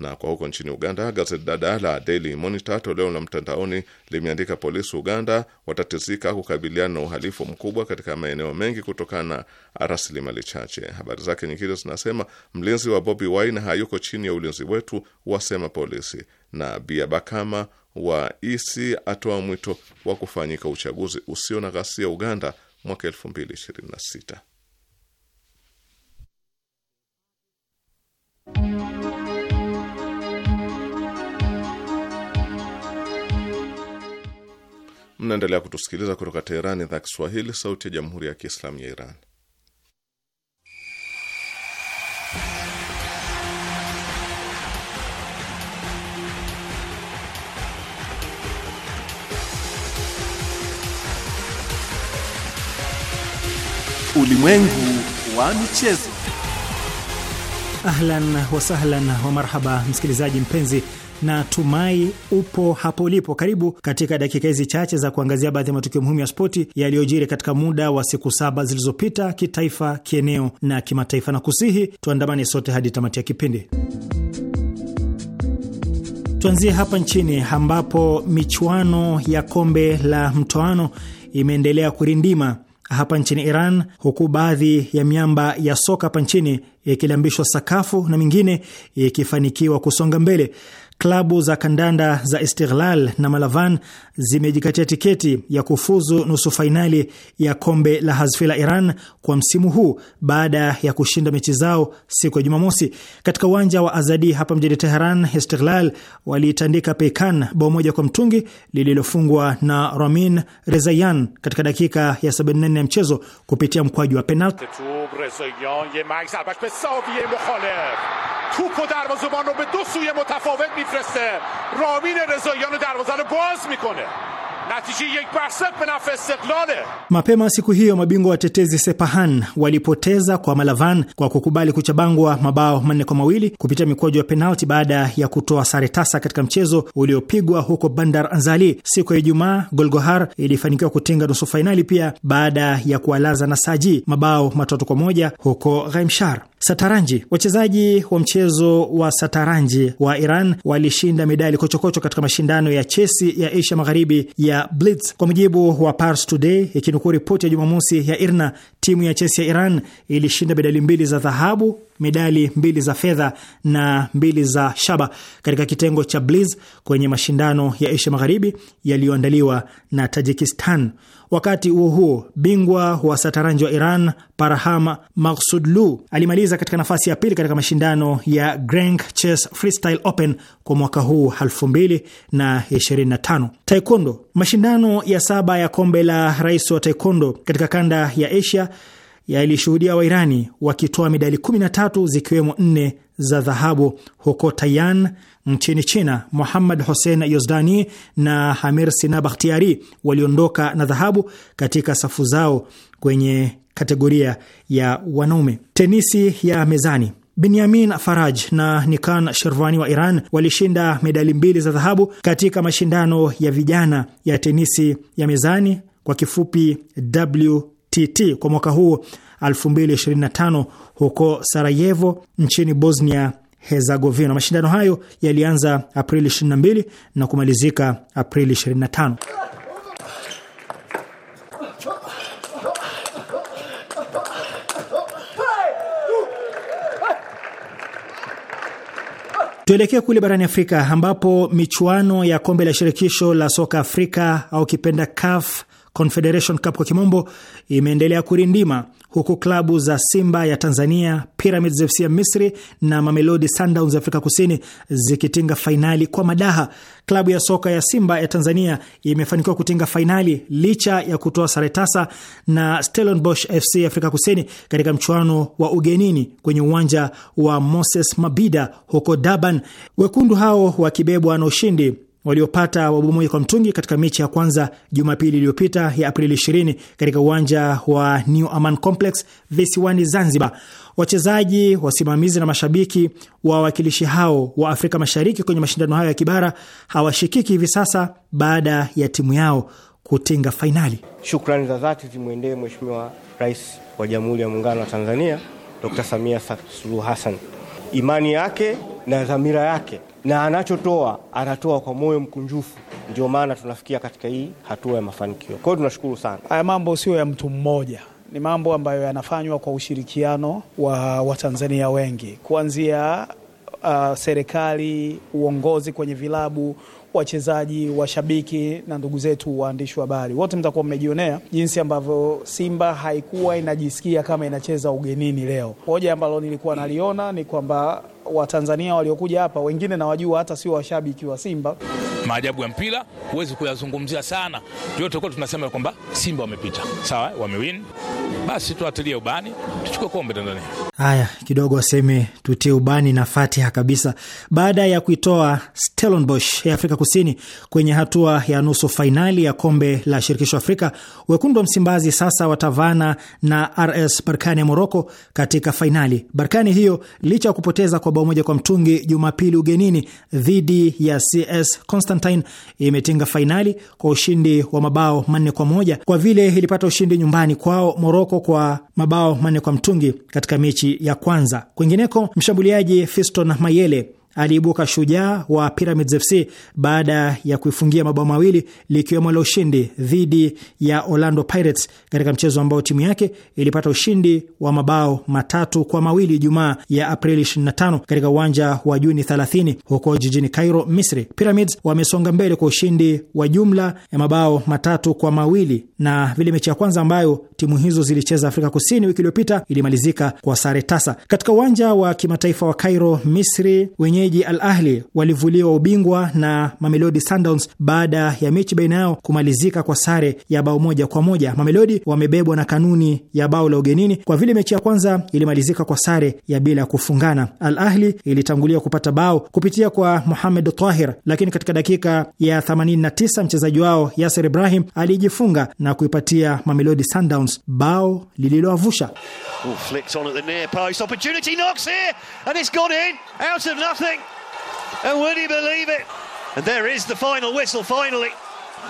Na kwa huko nchini Uganda, gazeti dada la Daily Monitor toleo la mtandaoni limeandika polisi Uganda watatizika kukabiliana na uhalifu mkubwa katika maeneo mengi kutokana na rasilimali chache. Habari zake nyingine zinasema mlinzi wa Bobi Wine hayuko chini ya ulinzi wetu, wasema polisi, na Bia Bakama wa EC atoa mwito wa kufanyika uchaguzi usio na ghasia Uganda mwaka 2026. Mnaendelea kutusikiliza kutoka Teherani, idhaa Kiswahili, sauti ya jamhuri ya kiislamu ya Iran. Ulimwengu wa michezo. Ahlan wasahlan wa marhaba, msikilizaji mpenzi na tumai upo hapo ulipo. Karibu katika dakika hizi chache za kuangazia baadhi ya matukio muhimu ya spoti yaliyojiri katika muda wa siku saba zilizopita, kitaifa, kieneo na kimataifa, na kusihi tuandamane sote hadi tamati ya kipindi. Tuanzie hapa nchini ambapo michuano ya kombe la mtoano imeendelea kurindima hapa nchini Iran, huku baadhi ya miamba ya soka hapa nchini ikilambishwa sakafu na mingine ikifanikiwa kusonga mbele klabu za kandanda za Istiglal na Malavan zimejikatia tiketi ya kufuzu nusu fainali ya kombe la Hazfi la Iran kwa msimu huu baada ya kushinda mechi zao siku ya Jumamosi katika uwanja wa Azadi hapa mjini Teheran. Istiglal waliitandika Peikan bao moja kwa mtungi lililofungwa na Ramin Rezayan katika dakika ya 74 ya mchezo kupitia mkwaju wa penalti. توپ و دروازه‌بان رو به دو سوی متفاوت میفرسته رامین رضاییان دروازه رو باز میکنه Mapema siku hiyo mabingwa watetezi Sepahan walipoteza kwa Malavan kwa kukubali kuchabangwa mabao manne kwa mawili kupitia mikwaju ya penalti baada ya kutoa sare tasa katika mchezo uliopigwa huko Bandar Anzali siku ya Ijumaa. Golgohar ilifanikiwa kutinga nusu fainali pia baada ya kuwalaza na Saji mabao matatu kwa moja huko Ghaimshar. Sataranji. Wachezaji wa mchezo wa sataranji wa Iran walishinda medali kochokocho katika mashindano ya chesi ya Asia Magharibi ya Blitz. Kwa mujibu wa Pars Today, ikinukuu ripoti ya Jumamosi ya IRNA, timu ya chesi ya Iran ilishinda medali mbili za dhahabu medali mbili za fedha na mbili za shaba katika kitengo cha bliz kwenye mashindano ya Asia Magharibi yaliyoandaliwa na Tajikistan. Wakati huo huo, bingwa wa sataranji wa Iran Parham Maksudlu alimaliza katika nafasi ya pili katika mashindano ya Grand Chess Freestyle Open kwa mwaka huu 2025. Taekwondo, mashindano ya saba ya kombe la rais wa taekwondo katika kanda ya Asia yalishuhudia Wairani wakitoa medali 13 zikiwemo nne za dhahabu huko Tayan nchini China. Muhammad hosen Yozdani na Hamir Sina Bakhtiari waliondoka na dhahabu katika safu zao kwenye kategoria ya wanaume. Tenisi ya mezani Benyamin Faraj na Nikan Shervani wa Iran walishinda medali mbili za dhahabu katika mashindano ya vijana ya tenisi ya mezani, kwa kifupi TT kwa mwaka huu 2025 huko Sarajevo nchini Bosnia Herzegovina. Mashindano hayo yalianza Aprili 22 na kumalizika Aprili 25. Tuelekee kule barani Afrika ambapo michuano ya kombe la shirikisho la soka Afrika au kipenda CAF Confederation Cup kwa kimombo imeendelea kurindima huku klabu za Simba ya Tanzania, Pyramids FC ya Misri na Mamelodi Sundowns Afrika Kusini zikitinga fainali kwa madaha. Klabu ya soka ya Simba ya Tanzania imefanikiwa kutinga fainali licha ya kutoa sare tasa na Stellenbosch FC Afrika Kusini katika mchuano wa ugenini kwenye uwanja wa Moses Mabida huko Durban, wekundu hao wakibebwa na ushindi waliopata moja kwa mtungi katika mechi ya kwanza Jumapili iliyopita ya Aprili 20 katika uwanja wa New Aman Complex visiwani Zanzibar. Wachezaji, wasimamizi na mashabiki wa wawakilishi hao wa Afrika Mashariki kwenye mashindano hayo ya kibara hawashikiki hivi sasa baada ya timu yao kutinga fainali. Shukrani za dhati zimwendee Mheshimiwa Rais wa Jamhuri ya Muungano wa Tanzania Dr. Samia Suluhu Hassan, imani yake na dhamira yake na anachotoa anatoa kwa moyo mkunjufu. Ndio maana tunafikia katika hii hatua ya mafanikio. Kwa hiyo tunashukuru sana. Haya mambo sio ya mtu mmoja, ni mambo ambayo yanafanywa kwa ushirikiano wa Watanzania wengi, kuanzia uh, serikali, uongozi kwenye vilabu wachezaji, washabiki na ndugu zetu waandishi wa habari wote, mtakuwa mmejionea jinsi ambavyo Simba haikuwa inajisikia kama inacheza ugenini leo. Moja ambalo nilikuwa naliona ni kwamba Watanzania waliokuja hapa wengine nawajua, hata sio washabiki wa Simba. Maajabu ya mpira huwezi kuyazungumzia sana, ndio tulikuwa tunasema kwamba Simba wamepita, sawa, wamewin, basi tuatilie ubani, tuchukue kombe Tanzania. Haya, kidogo waseme tutie ubani na Fatiha kabisa, baada ya kuitoa Stellenbosch ya Afrika Kusini kwenye hatua ya nusu fainali ya kombe la shirikisho Afrika. Wekundu wa Msimbazi sasa watavana na RS Barkani ya Moroko katika fainali. Barkani hiyo licha ya kupoteza kwa kwa bao moja kwa mtungi Jumapili ugenini dhidi ya CS Constantine imetinga fainali kwa ushindi wa mabao manne kwa moja kwa vile ilipata ushindi nyumbani kwao Moroko kwa mabao manne kwa mtungi katika mechi ya kwanza. Kwingineko, mshambuliaji Fiston Mayele aliibuka shujaa wa Pyramids FC baada ya kuifungia mabao mawili likiwemo la ushindi dhidi ya Orlando Pirates katika mchezo ambao timu yake ilipata ushindi wa mabao matatu kwa mawili Ijumaa ya Aprili 25 katika uwanja wa Juni 30 huko jijini Cairo, Misri. Pyramids wamesonga mbele kwa ushindi wa jumla ya mabao matatu kwa mawili na vile mechi ya kwanza ambayo timu hizo zilicheza Afrika Kusini wiki iliyopita ilimalizika kwa sare tasa katika uwanja wa kimataifa wa Cairo, Misri wenyeji Wenyeji Al Ahli walivuliwa ubingwa na Mamelodi Sundowns baada ya mechi baina yao kumalizika kwa sare ya bao moja kwa moja. Mamelodi wamebebwa na kanuni ya bao la ugenini, kwa vile mechi ya kwanza ilimalizika kwa sare ya bila ya kufungana. Al Ahli ilitangulia kupata bao kupitia kwa muhamed Tahir, lakini katika dakika ya 89 mchezaji wao yaser Ibrahim alijifunga na kuipatia Mamelodi Sundowns bao lililoavusha. Oh, And would you believe it? And there is the final whistle finally.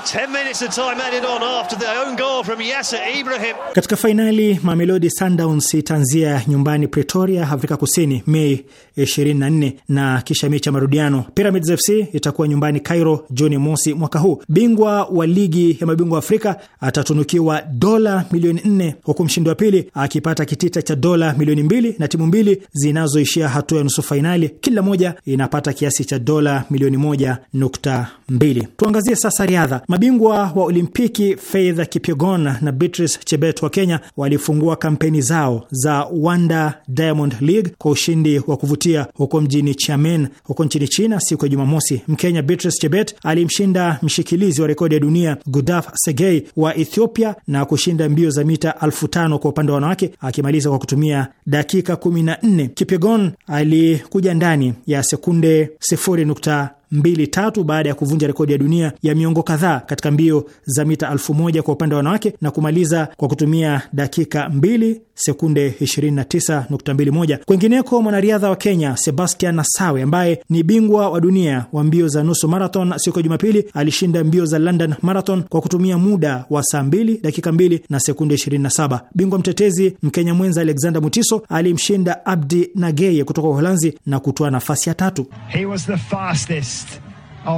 10 minutes of time added on after the own goal from Yasser Ibrahim. Katika fainali Mamelodi Sundowns itanzia nyumbani Pretoria, Afrika Kusini, Mei 24 na kisha mechi ya marudiano Pyramids FC itakuwa nyumbani Cairo Juni mosi mwaka huu. Bingwa wa ligi ya mabingwa Afrika atatunukiwa dola milioni 4 huku mshindi wa pili akipata kitita cha dola milioni mbili na timu mbili zinazoishia hatua ya nusu fainali kila moja inapata kiasi cha dola milioni mbili. Tuangazie sasa riadha. Mabingwa wa Olimpiki Faith Kipyegon na Beatrice Chebet wa Kenya walifungua kampeni zao za Wanda Diamond League kwa ushindi wa kuvutia kuvutia huko mjini Chamen huko nchini China siku ya Jumamosi. Mkenya Beatrice Chebet alimshinda mshikilizi wa rekodi ya dunia Gudaf Segei wa Ethiopia na kushinda mbio za mita elfu tano kwa upande wa wanawake akimaliza kwa kutumia dakika 14. Kipyegon alikuja ndani ya sekunde nukta mbili tatu baada ya kuvunja rekodi ya dunia ya miongo kadhaa katika mbio za mita moja kwa upande wa wanawake na kumaliza kwa kutumia dakika 2 sekunde 29.21. Kwengineko, mwanariadha wa Kenya Sebastian Nasawe ambaye ni bingwa wa dunia wa mbio za nusu marathon siku ya Jumapili alishinda mbio za London Marathon kwa kutumia muda wa saa 2 dakika 2 na sekunde 27. Bingwa mtetezi Mkenya mwenza Alexander Mutiso alimshinda Abdi Nageye kutoka Uholanzi na kutoa nafasi ya tatu. He was the fastest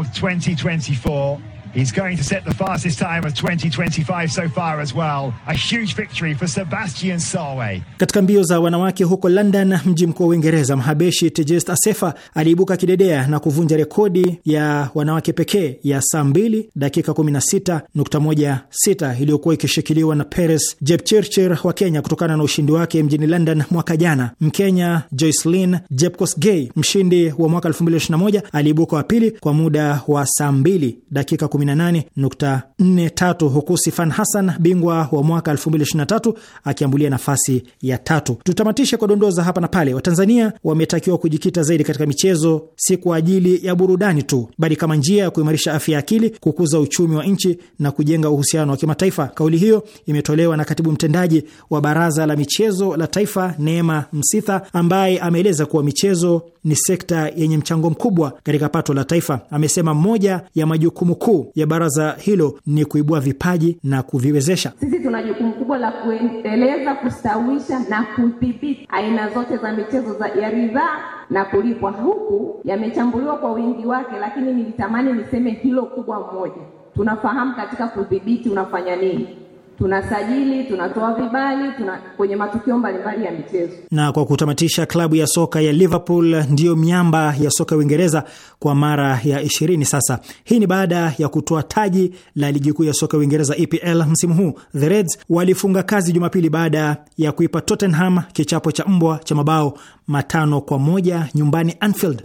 of 2024 He's going to set the fastest time of 2025 so far as well. A huge victory for Sebastian Solway. Katika mbio za wanawake huko London, mji mkuu wa Uingereza, mhabeshi Tejest asefa aliibuka kidedea na kuvunja rekodi ya wanawake pekee ya saa 2 dakika 16.16 iliyokuwa ikishikiliwa na Peres Jepchirchir wa Kenya kutokana na ushindi wake mjini London mwaka jana. Mkenya Joycelyn Jepkosgei, mshindi wa mwaka 2021, aliibuka wa pili kwa muda wa saa 2 dakika 18.43 huku Sifan Hassan bingwa wa mwaka 2023 akiambulia nafasi ya tatu. Tutamatishe kwa dondoza hapa na pale. Watanzania wametakiwa kujikita zaidi katika michezo, si kwa ajili ya burudani tu, bali kama njia ya kuimarisha afya ya akili, kukuza uchumi wa nchi na kujenga uhusiano wa kimataifa. Kauli hiyo imetolewa na katibu mtendaji wa Baraza la Michezo la Taifa, Neema Msitha, ambaye ameeleza kuwa michezo ni sekta yenye mchango mkubwa katika pato la taifa. Amesema moja ya majukumu kuu ya baraza hilo ni kuibua vipaji na kuviwezesha. Sisi tuna jukumu kubwa la kuendeleza, kustawisha na kudhibiti aina zote za michezo ya ridhaa na kulipwa, huku yamechambuliwa kwa wingi wake, lakini nilitamani niseme hilo kubwa moja, tunafahamu katika kudhibiti unafanya nini tunasajili, tunatoa vibali tuna, kwenye matukio mbalimbali ya michezo. Na kwa kutamatisha, klabu ya soka ya Liverpool ndiyo miamba ya soka ya Uingereza kwa mara ya ishirini sasa. Hii ni baada ya kutoa taji la ligi kuu ya soka ya Uingereza EPL msimu huu. The Reds walifunga kazi Jumapili baada ya kuipa Tottenham kichapo cha mbwa cha mabao matano kwa moja nyumbani Anfield.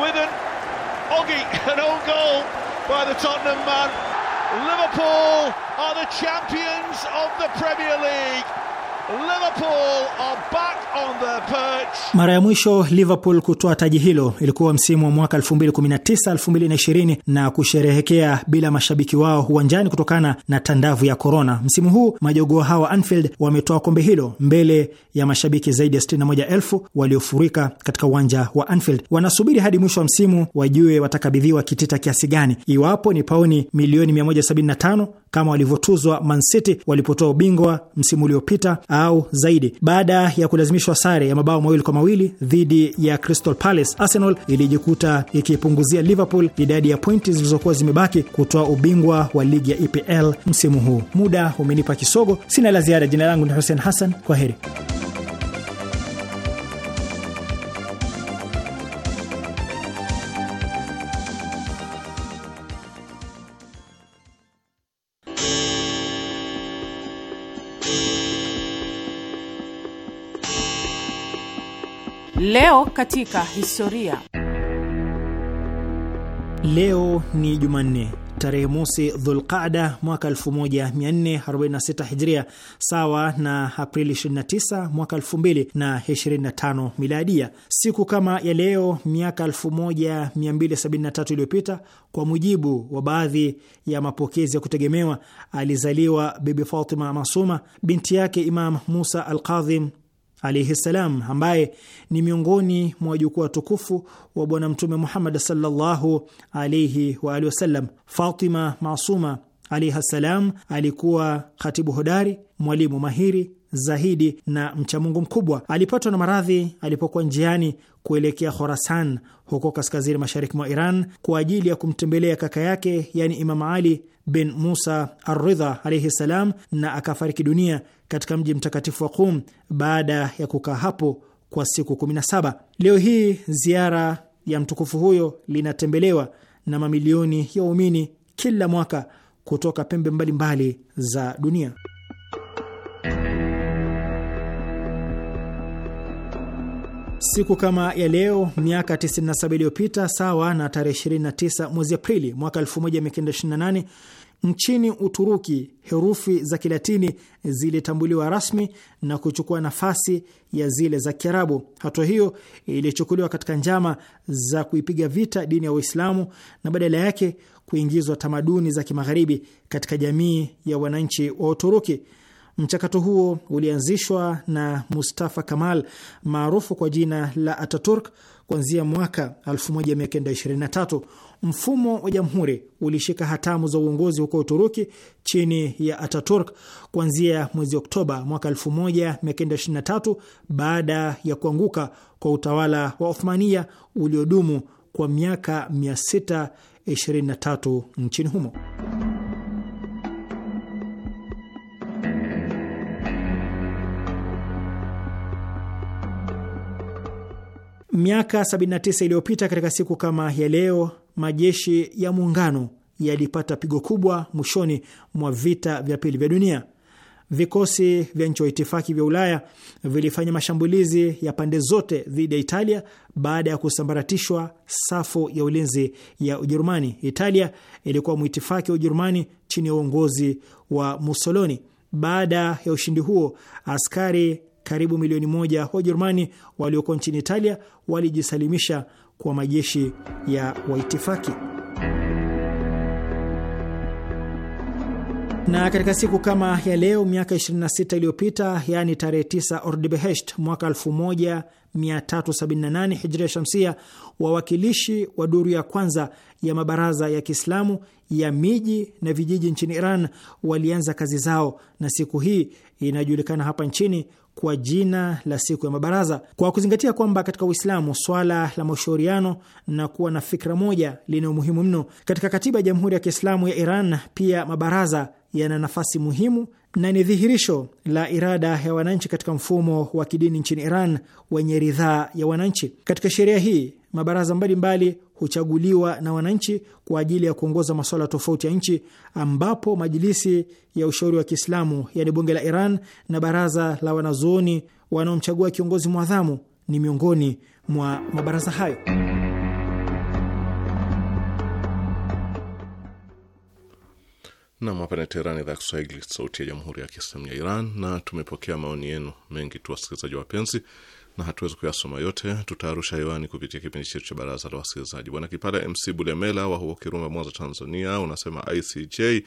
with an Oggy, an own goal by the Tottenham man. Liverpool are the champions of the Premier League. Liverpool are back on perch. Mara ya mwisho Liverpool kutoa taji hilo ilikuwa msimu wa mwaka 2019 2020, na kusherehekea bila mashabiki wao uwanjani kutokana na tandavu ya korona. Msimu huu majogoo hawa Anfield wametoa kombe hilo mbele ya mashabiki zaidi ya 61,000 waliofurika katika uwanja wa Anfield. Wanasubiri hadi mwisho wa msimu wajue watakabidhiwa kitita kiasi gani, iwapo ni pauni milioni 175 kama walivyotuzwa Man City walipotoa ubingwa msimu uliopita au zaidi. Baada ya kulazimishwa sare ya mabao mawili kwa mawili dhidi ya Crystal Palace, Arsenal ilijikuta ikipunguzia Liverpool idadi ya pointi zilizokuwa zimebaki kutoa ubingwa wa ligi ya EPL msimu huu. Muda umenipa kisogo, sina la ziada. Jina langu ni Hussein Hassan, kwa heri. Leo katika historia. Leo ni Jumanne tarehe mosi Dhulqada mwaka 1446 Hijria, sawa na Aprili 29 mwaka 2025 Miladia. Siku kama ya leo miaka 1273 iliyopita, kwa mujibu wa baadhi ya mapokezi ya kutegemewa, alizaliwa Bibi Fatima Masuma, binti yake Imam Musa Alqadhim alaihi ssalam, ambaye ni miongoni mwa wajukuu watukufu wa Bwana Mtume Muhammad sallallahu alaihi wa alihi wasallam. Fatima Masuma alaihi ssalam alikuwa khatibu hodari, mwalimu mahiri zahidi na mchamungu mkubwa. Alipatwa na maradhi alipokuwa njiani kuelekea Khorasan huko kaskazini mashariki mwa Iran kwa ajili ya kumtembelea kaka yake, yani Imam Ali bin Musa Arridha alaihi ssalam, na akafariki dunia katika mji mtakatifu wa Qum baada ya kukaa hapo kwa siku 17. Leo hii ziara ya mtukufu huyo linatembelewa na mamilioni ya waumini kila mwaka kutoka pembe mbalimbali mbali za dunia. Siku kama ya leo miaka 97 iliyopita, sawa na tarehe 29 mwezi Aprili mwaka 1928, nchini Uturuki herufi za Kilatini zilitambuliwa rasmi na kuchukua nafasi ya zile za Kiarabu. Hatua hiyo ilichukuliwa katika njama za kuipiga vita dini ya Uislamu na badala yake kuingizwa tamaduni za Kimagharibi katika jamii ya wananchi wa Uturuki. Mchakato huo ulianzishwa na Mustafa Kamal maarufu kwa jina la Ataturk kuanzia mwaka 1923. Mfumo wa jamhuri ulishika hatamu za uongozi huko Uturuki chini ya Ataturk kuanzia mwezi Oktoba mwaka 1923 baada ya kuanguka kwa utawala wa Othmania uliodumu kwa miaka 623 nchini humo. Miaka 79 iliyopita katika siku kama ya leo, majeshi ya muungano yalipata pigo kubwa mwishoni mwa vita vya pili vya dunia. Vikosi vya nchi wa itifaki vya Ulaya vilifanya mashambulizi ya pande zote dhidi ya Italia baada ya kusambaratishwa safu ya ulinzi ya Ujerumani. Italia ilikuwa mwitifaki wa Ujerumani chini ya uongozi wa Mussolini. Baada ya ushindi huo, askari karibu milioni moja wa Ujerumani walioko nchini Italia walijisalimisha kwa majeshi ya waitifaki. Na katika siku kama ya leo miaka 26 iliyopita, yaani tarehe 9 Ordibehesht mwaka 1378 Hijria Shamsia, wawakilishi wa duru ya kwanza ya mabaraza ya Kiislamu ya miji na vijiji nchini Iran walianza kazi zao, na siku hii inajulikana hapa nchini kwa jina la siku ya mabaraza, kwa kuzingatia kwamba katika Uislamu swala la mashauriano na kuwa na fikra moja lina umuhimu mno. Katika katiba ya Jamhuri ya Kiislamu ya Iran pia mabaraza yana nafasi muhimu na ni dhihirisho la irada ya wananchi katika mfumo wa kidini nchini Iran wenye ridhaa ya wananchi. Katika sheria hii mabaraza mbalimbali huchaguliwa na wananchi kwa ajili ya kuongoza masuala tofauti ya nchi, ambapo majilisi ya ushauri wa Kiislamu, yani bunge la Iran, na baraza la wanazuoni wanaomchagua kiongozi mwadhamu ni miongoni mwa mabaraza hayo. Nam, hapa ni idhaa Kiswahili, sauti ya jamhuri ya Kiislamu ya Iran, na tumepokea maoni yenu mengi tu, wasikilizaji wapenzi na hatuwezi kuyasoma yote, tutaarusha hewani kupitia kipindi chetu cha baraza la wasikilizaji. Bwana Kipala MC Bulemela wa huo Kirumba, Mwanza, Tanzania, unasema ICJ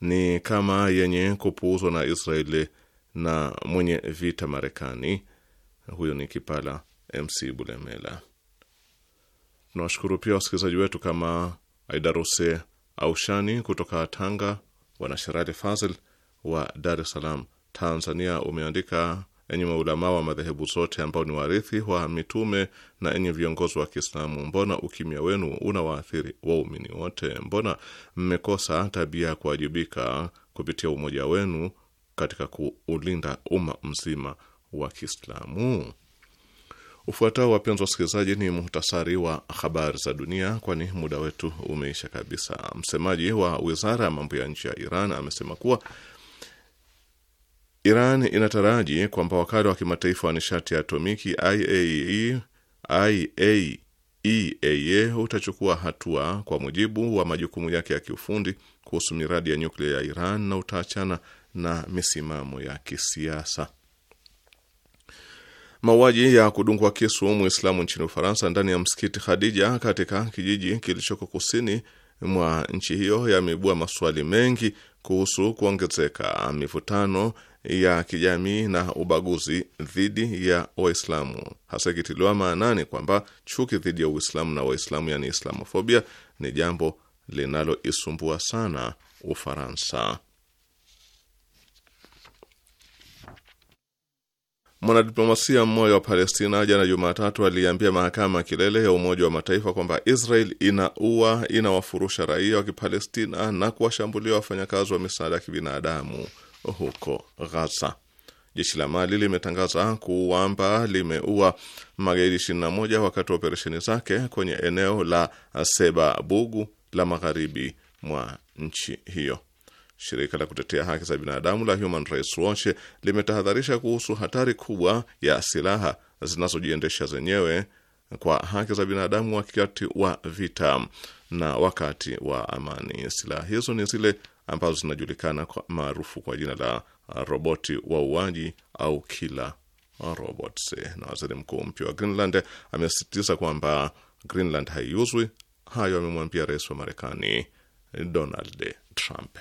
ni kama yenye kupuuzwa na Israeli na mwenye vita Marekani. Huyo ni Kipala MC Bulemela. Tunawashukuru pia wasikilizaji wetu kama Aidarose Aushani kutoka Tanga, wanasherali Sherali Fazil wa Dar es Salaam, Tanzania, umeandika enyi maulamaa wa madhehebu zote ambao ni warithi wa mitume na enyi viongozi wa Kiislamu, mbona ukimya wenu una waathiri waumini wote? Mbona mmekosa tabia ya kuwajibika kupitia umoja wenu katika kuulinda umma mzima wa Kiislamu? Ufuatao, wapenzi wasikilizaji, ni muhtasari wa habari za dunia, kwani muda wetu umeisha kabisa. Msemaji wa wizara ya mambo ya nje ya Iran amesema kuwa Iran inataraji kwamba wakala wa kimataifa wa nishati ya atomiki IAEA e, e utachukua hatua kwa mujibu wa majukumu yake ya kiufundi kuhusu miradi ya nyuklia ya Iran na utaachana na misimamo ya kisiasa. Mauaji ya kudungwa kisu Muislamu nchini Ufaransa ndani ya msikiti Khadija katika kijiji kilichoko kusini mwa nchi hiyo yameibua maswali mengi kuhusu kuongezeka mivutano ya kijamii na ubaguzi dhidi ya Waislamu, hasa ikitiliwa maanani kwamba chuki dhidi ya Uislamu na Waislamu, yani islamofobia, ni jambo linaloisumbua sana Ufaransa. Mwanadiplomasia mmoja wa Palestina jana Jumatatu aliambia mahakama ya kilele ya Umoja wa Mataifa kwamba Israel inaua, inawafurusha raia wa Kipalestina na kuwashambulia wafanyakazi wa misaada ya kibinadamu huko Ghaza. Jeshi la Mali limetangaza kuwamba limeua magaidi 21 wakati wa operesheni zake kwenye eneo la Sebabugu la magharibi mwa nchi hiyo. Shirika la kutetea haki za binadamu la Human Rights Watch limetahadharisha kuhusu hatari kubwa ya silaha zinazojiendesha zenyewe kwa haki za binadamu wakati wa vita na wakati wa amani. Silaha hizo ni zile ambazo zinajulikana kwa maarufu kwa jina la roboti wauaji au killer robots. Na waziri mkuu mpya wa Greenland amesisitiza kwamba Greenland haiuzwi. Hayo amemwambia rais wa Marekani Donald Trump.